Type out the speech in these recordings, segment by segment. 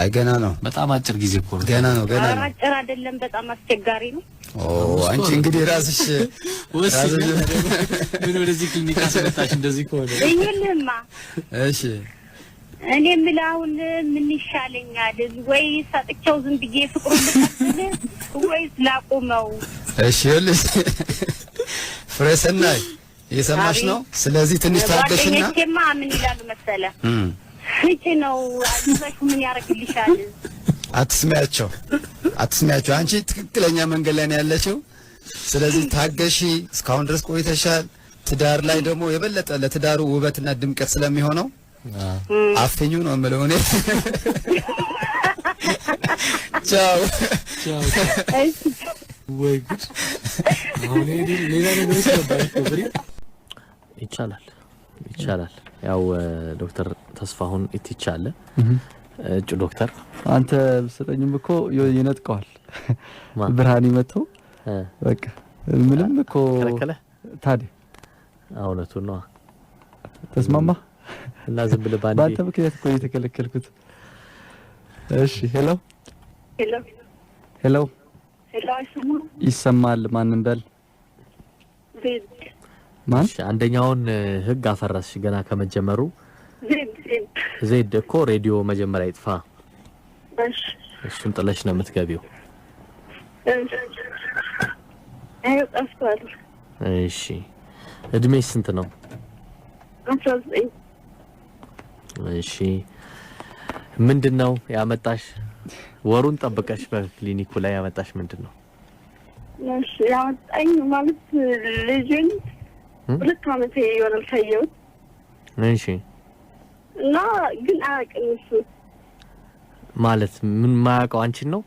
አይ ገና ነው። በጣም አጭር ጊዜ እኮ ነው። ገና ነው፣ ገና ነው። አጭር አይደለም፣ በጣም አስቸጋሪ ነው። ኦ አንቺ እንግዲህ ራስሽ ወስ ምን ወደዚህ ክሊኒክ አስመጣሽ እንደዚህ ከሆነ ይሄንማ። እሺ እኔ የምልህ አሁን ምን ይሻለኛል? ወይ ሰጥቼው ዝም ብዬ ፍቅሩን ልቀጥል ወይስ ላቁመው? እሺ ይኸውልሽ ፍሬሰናይ እየሰማሽ ነው። ስለዚህ ትንሽ ታገሽና ምን ይላሉ መሰለህ መቼ ነው አልበሽ? ምን ያደርግልሻል? አትስሚያቸው፣ አትስሚያቸው። አንቺ ትክክለኛ መንገድ ላይ ነው ያለችው። ስለዚህ ታገሺ። እስካሁን ድረስ ቆይተሻል። ትዳር ላይ ደግሞ የበለጠ ለትዳሩ ውበትና ድምቀት ስለሚሆነው አፍኙ ነው የምለው እኔ። ቻው። ወይ ጉድ! አሁን ሌላ ነገር ይቻላል፣ ይቻላል። ያው ዶክተር ተስፋሁን ኢቲቻ አለ እጩ ዶክተር። አንተ ብትሰጠኝም እኮ ይነጥቀዋል ብርሃን ይመተው በቃ ምንም እኮ ታዲ እውነቱን ነዋ። ተስማማ እና ዝም ብለህ ባንዴ ምክንያት እኮ እየተከለከልኩት። እሺ ሄሎ ሄሎ ይሰማል። ማንም በል ማን አንደኛውን ህግ አፈረስሽ ገና ከመጀመሩ ዜድ እኮ ሬዲዮ መጀመሪያ ይጥፋ። እሱም ጥለሽ ነው የምትገቢው። እሺ እድሜ ስንት ነው? እሺ ምንድን ነው ያመጣሽ? ወሩን ጠብቀሽ በክሊኒኩ ላይ ያመጣሽ ምንድን ነው? ያመጣኝ ማለት ልጅን ሁለት አመት ይሆናል ካየሁት። እሺ እና ግን አያውቅም እሱ ማለት ምን ማያውቀው አንቺን ነው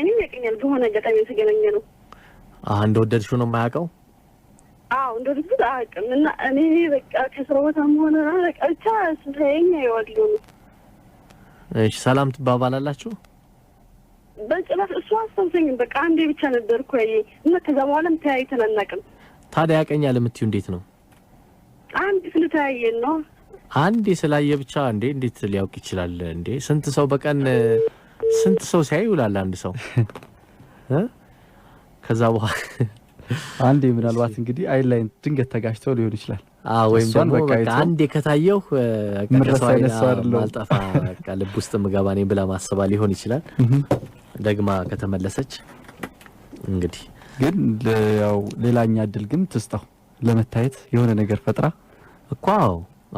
እኔም ያውቀኛል በሆነ አጋጣሚ የተገናኘ ነው እንደወደድሽው ነው የማያውቀው አዎ እንደወደድኩት አያውቅም እና እኔ በቃ ከስራ ቦታ መሆነ በቃ ብቻ ስለኛ ይዋሉ ነው እሺ ሰላም ትባባላላችሁ በጭራሽ እሱ አስታውሰኝም በቃ አንዴ ብቻ ነበርኩ ያየኝ እና ከዛ በኋላም ተያይተን አናውቅም ታዲያ ያውቀኛል የምትዩ እንዴት ነው አንድ ስለተያየን ነው አንድ ስላየ ብቻ እንዴ እንዴት ሊያውቅ ይችላል እንዴ? ስንት ሰው በቀን ስንት ሰው ሲያይ ይውላል አንድ ሰው ከዛ በኋላ አንዴ ምናልባት እንግዲህ አይን ላይ ድንገት ተጋጭተው ሊሆን ይችላል። ወይም ደግሞ አንዴ ከታየው ማልጠፋ ልብ ውስጥ ምገባ እኔ ብላ ማስባ ሊሆን ይችላል። ደግማ ከተመለሰች እንግዲህ ግን ያው ሌላኛ እድል ግን ትስጠው ለመታየት የሆነ ነገር ፈጥራ እኳ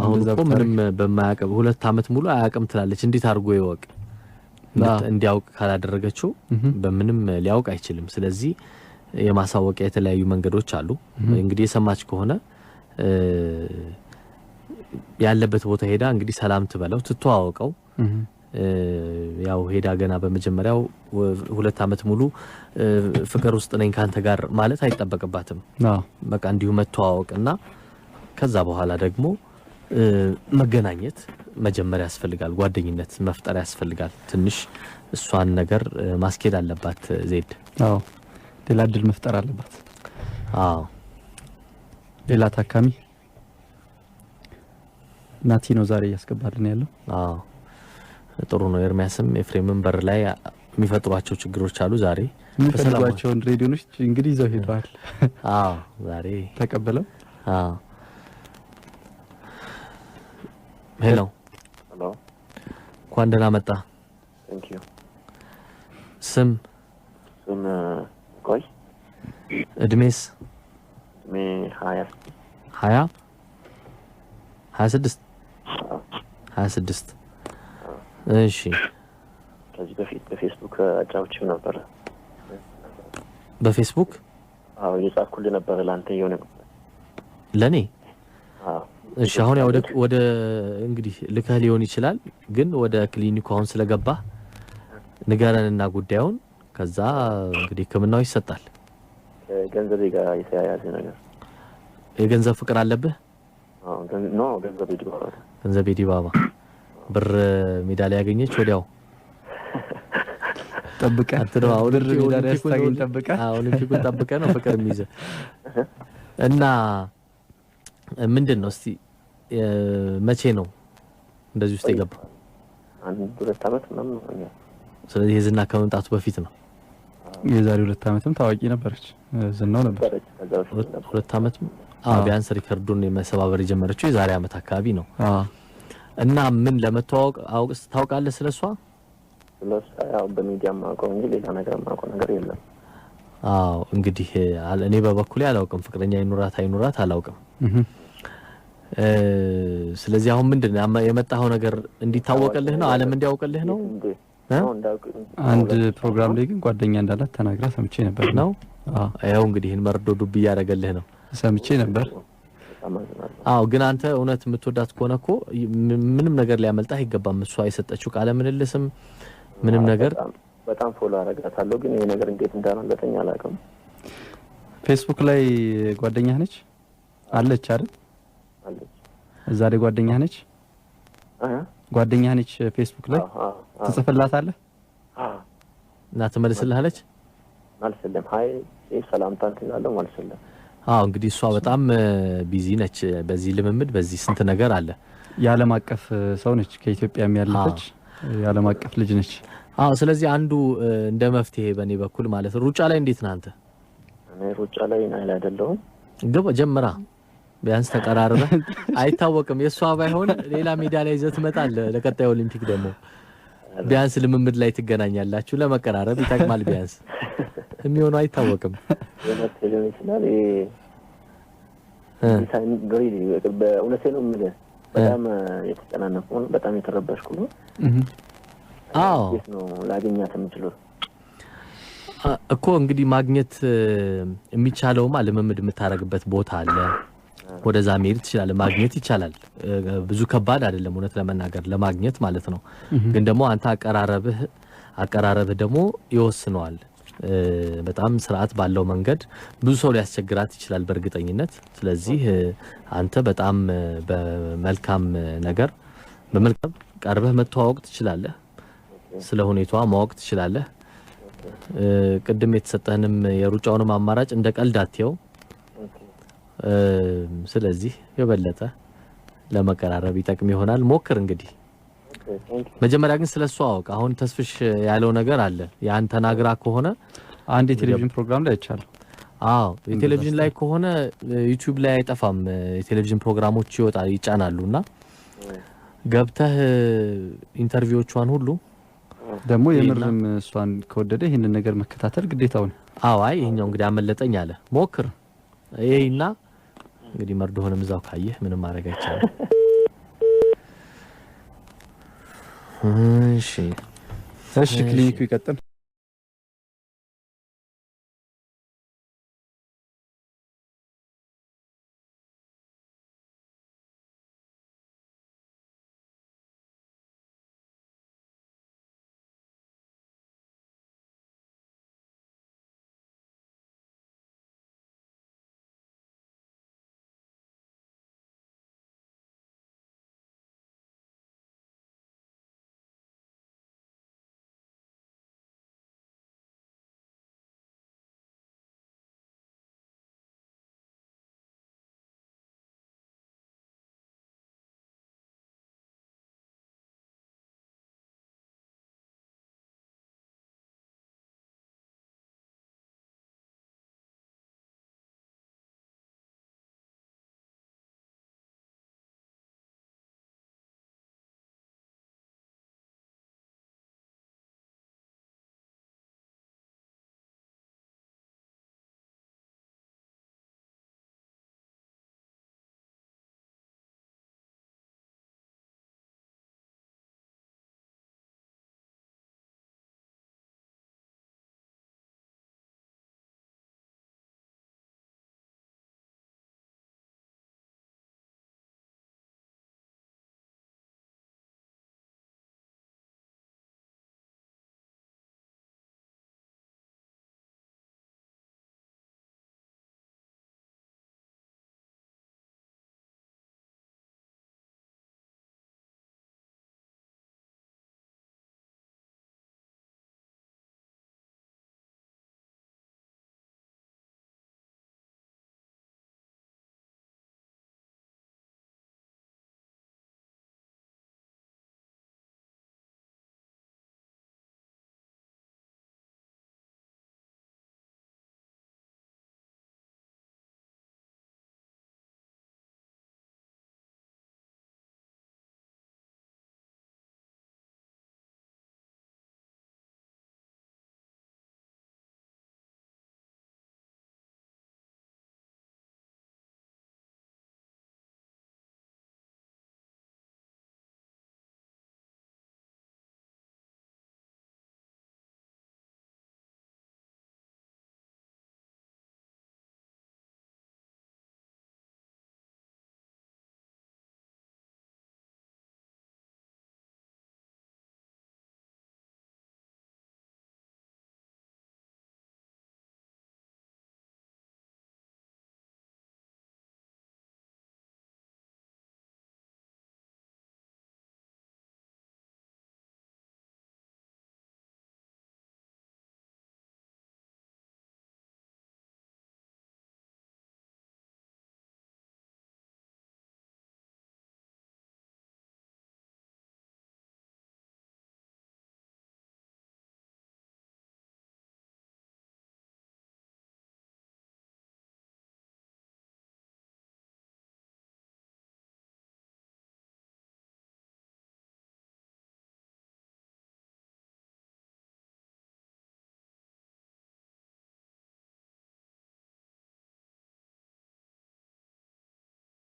አሁን እኮ ምንም በማያውቅም ሁለት አመት ሙሉ አያውቅም ትላለች። እንዴት አድርጎ ይወቅ? እንዲያውቅ ካላደረገችው በምንም ሊያውቅ አይችልም። ስለዚህ የማሳወቂያ የተለያዩ መንገዶች አሉ። እንግዲህ የሰማች ከሆነ ያለበት ቦታ ሄዳ እንግዲህ ሰላም ትበለው፣ ትተዋወቀው። ያው ሄዳ ገና በመጀመሪያው ሁለት አመት ሙሉ ፍቅር ውስጥ ነኝ ካንተ ጋር ማለት አይጠበቅባትም። በቃ እንዲሁ መተዋወቅና ከዛ በኋላ ደግሞ መገናኘት መጀመሪያ ያስፈልጋል። ጓደኝነት መፍጠር ያስፈልጋል። ትንሽ እሷን ነገር ማስኬድ አለባት ዜድ። አዎ ሌላ እድል መፍጠር አለባት። አዎ ሌላ ታካሚ ናቲ ነው ዛሬ እያስገባልን ያለው። አዎ ጥሩ ነው። ኤርሚያስም ኤፍሬምም በር ላይ የሚፈጥሯቸው ችግሮች አሉ። ዛሬ የሚፈልጓቸውን ሬዲዮኖች እንግዲህ ይዘው ሄደዋል። አዎ ዛሬ ተቀበለው አዎ ሄሎ ሄሎ፣ እንኳን ደህና መጣ። ቴንኪዩ። ስም ስም? Uh, ቆይ እድሜስ? እድሜ ሀያ ሀያ ሀያ ስድስት ሀያ ስድስት እሺ። ከዚህ በፊት በፌስቡክ አጫውቼው ነበረ። በፌስቡክ? አዎ፣ እየጻፍኩልህ ነበረ ለአንተ የሆነ ለእኔ እሺ አሁን ያው ወደ እንግዲህ ልከህ ሊሆን ይችላል፣ ግን ወደ ክሊኒኩ አሁን ስለገባ ንገረንና ጉዳዩን ከዛ እንግዲህ ሕክምናው ይሰጣል። ገንዘብ ጋር የተያያዘ ነገር የገንዘብ ፍቅር አለብህ? ገንዘቤ ዲባባ ብር ሜዳሊያ ያገኘች ወዲያው ጠብቀህ አትነው። ኦሊምፒኩን ነው ፍቅር የሚይዘ እና ምንድን ነው እስቲ መቼ ነው እንደዚህ ውስጥ የገባ? አንድ ሁለት ዓመት ምናምን ስለዚህ የዝና ከመምጣቱ በፊት ነው። የዛሬ ሁለት አመትም ታዋቂ ነበረች፣ ዝናው ነበር። ሁለት ዓመትም ቢያንስ ሪከርዱን የመሰባበር የጀመረችው የዛሬ አመት አካባቢ ነው። እና ምን ለመተዋወቅ አውቅስ ታውቃለህ? ስለ ስለሷ በሚዲያ ማውቀው እንጂ ሌላ ነገር ማውቀው ነገር የለም። አዎ እንግዲህ እኔ በበኩሌ አላውቅም፣ ፍቅረኛ ይኑራት አይኑራት አላውቅም። ስለዚህ አሁን ምንድን ነው የመጣኸው ነገር እንዲታወቅልህ ነው፣ ዓለም እንዲያውቅልህ ነው። አንድ ፕሮግራም ላይ ግን ጓደኛ እንዳላት ተናግራ ሰምቼ ነበር። ነው ያው እንግዲህ መርዶ ዱብ እያደረገልህ ነው ሰምቼ ነበር። አዎ ግን አንተ እውነት የምትወዳት ከሆነ እኮ ምንም ነገር ሊያመልጣህ አይገባም። እሷ የሰጠችው ቃለ ምልልስም ምንም ነገር በጣም ፎሎ አረጋታለሁ፣ ግን ይሄ ነገር እንዴት እንዳመለጠኝ አላውቅም። ፌስቡክ ላይ ጓደኛህ ነች አለች አይደል? አለች። እዛ ላይ ጓደኛ ነች ጓደኛ ነች ፌስቡክ ላይ ትጽፍላታለህ እና ትመልስልሃለች? መልስልም ሀይ ሰላምታን ትላለሁ መልስልም አዎ እንግዲህ እሷ በጣም ቢዚ ነች። በዚህ ልምምድ በዚህ ስንት ነገር አለ። የዓለም አቀፍ ሰው ነች። ከኢትዮጵያም ያለች የዓለም አቀፍ ልጅ ነች። አዎ ስለዚህ አንዱ እንደ መፍትሄ በእኔ በኩል ማለት ሩጫ ላይ እንዴት ነህ አንተ? እኔ ሩጫ ላይ ናይል አይደለሁም ግብ ጀምራ ቢያንስ ተቀራርበ አይታወቅም። የእሷ ባይሆን ሌላ ሜዳ ላይ ይዘህ ትመጣለህ። ለቀጣይ ኦሊምፒክ ደግሞ ቢያንስ ልምምድ ላይ ትገናኛላችሁ። ለመቀራረብ ይጠቅማል። ቢያንስ የሚሆነው አይታወቅም። በእውነቴ ነው የምልህ በጣም የተጨናነቁ በጣም የተረበሽኩ ነው። አዎ ነው ላገኛት የምችለው እኮ እንግዲህ ማግኘት የሚቻለውማ ልምምድ የምታደርግበት ቦታ አለ ወደዛ መሄድ ትችላለህ። ማግኘት ይቻላል። ብዙ ከባድ አይደለም፣ እውነት ለመናገር ለማግኘት ማለት ነው። ግን ደግሞ አንተ አቀራረብህ አቀራረብህ ደግሞ ይወስነዋል። በጣም ስርዓት ባለው መንገድ ብዙ ሰው ሊያስቸግራት ይችላል በእርግጠኝነት። ስለዚህ አንተ በጣም በመልካም ነገር በመልካም ቀርበህ መተዋወቅ ትችላለህ። ስለ ሁኔታዋ ማወቅ ትችላለህ። ቅድም የተሰጠህንም የሩጫውንም አማራጭ እንደ ቀልድ አትየው። ስለዚህ የበለጠ ለመቀራረብ ይጠቅም ይሆናል። ሞክር እንግዲህ። መጀመሪያ ግን ስለሱ አወቅ። አሁን ተስፍሽ ያለው ነገር አለ። ያን ተናግራ ከሆነ አንድ የቴሌቪዥን ፕሮግራም ላይ አይቻለሁ። አዎ የቴሌቪዥን ላይ ከሆነ ዩቲዩብ ላይ አይጠፋም። የቴሌቪዥን ፕሮግራሞች ይወጣ ይጫናሉ እና ገብተህ ኢንተርቪዎቿን ሁሉ ደግሞ የምርም እሷን ከወደደ ይህንን ነገር መከታተል ግዴታውን። አዎ አይ እንግዲህ አመለጠኝ አለ ሞክር ይህና እንግዲህ መርዶሆንም እዛው ካየህ ምንም ማድረግ አይቻልም። እሺ እሺ፣ ክሊኒኩ ይቀጥል።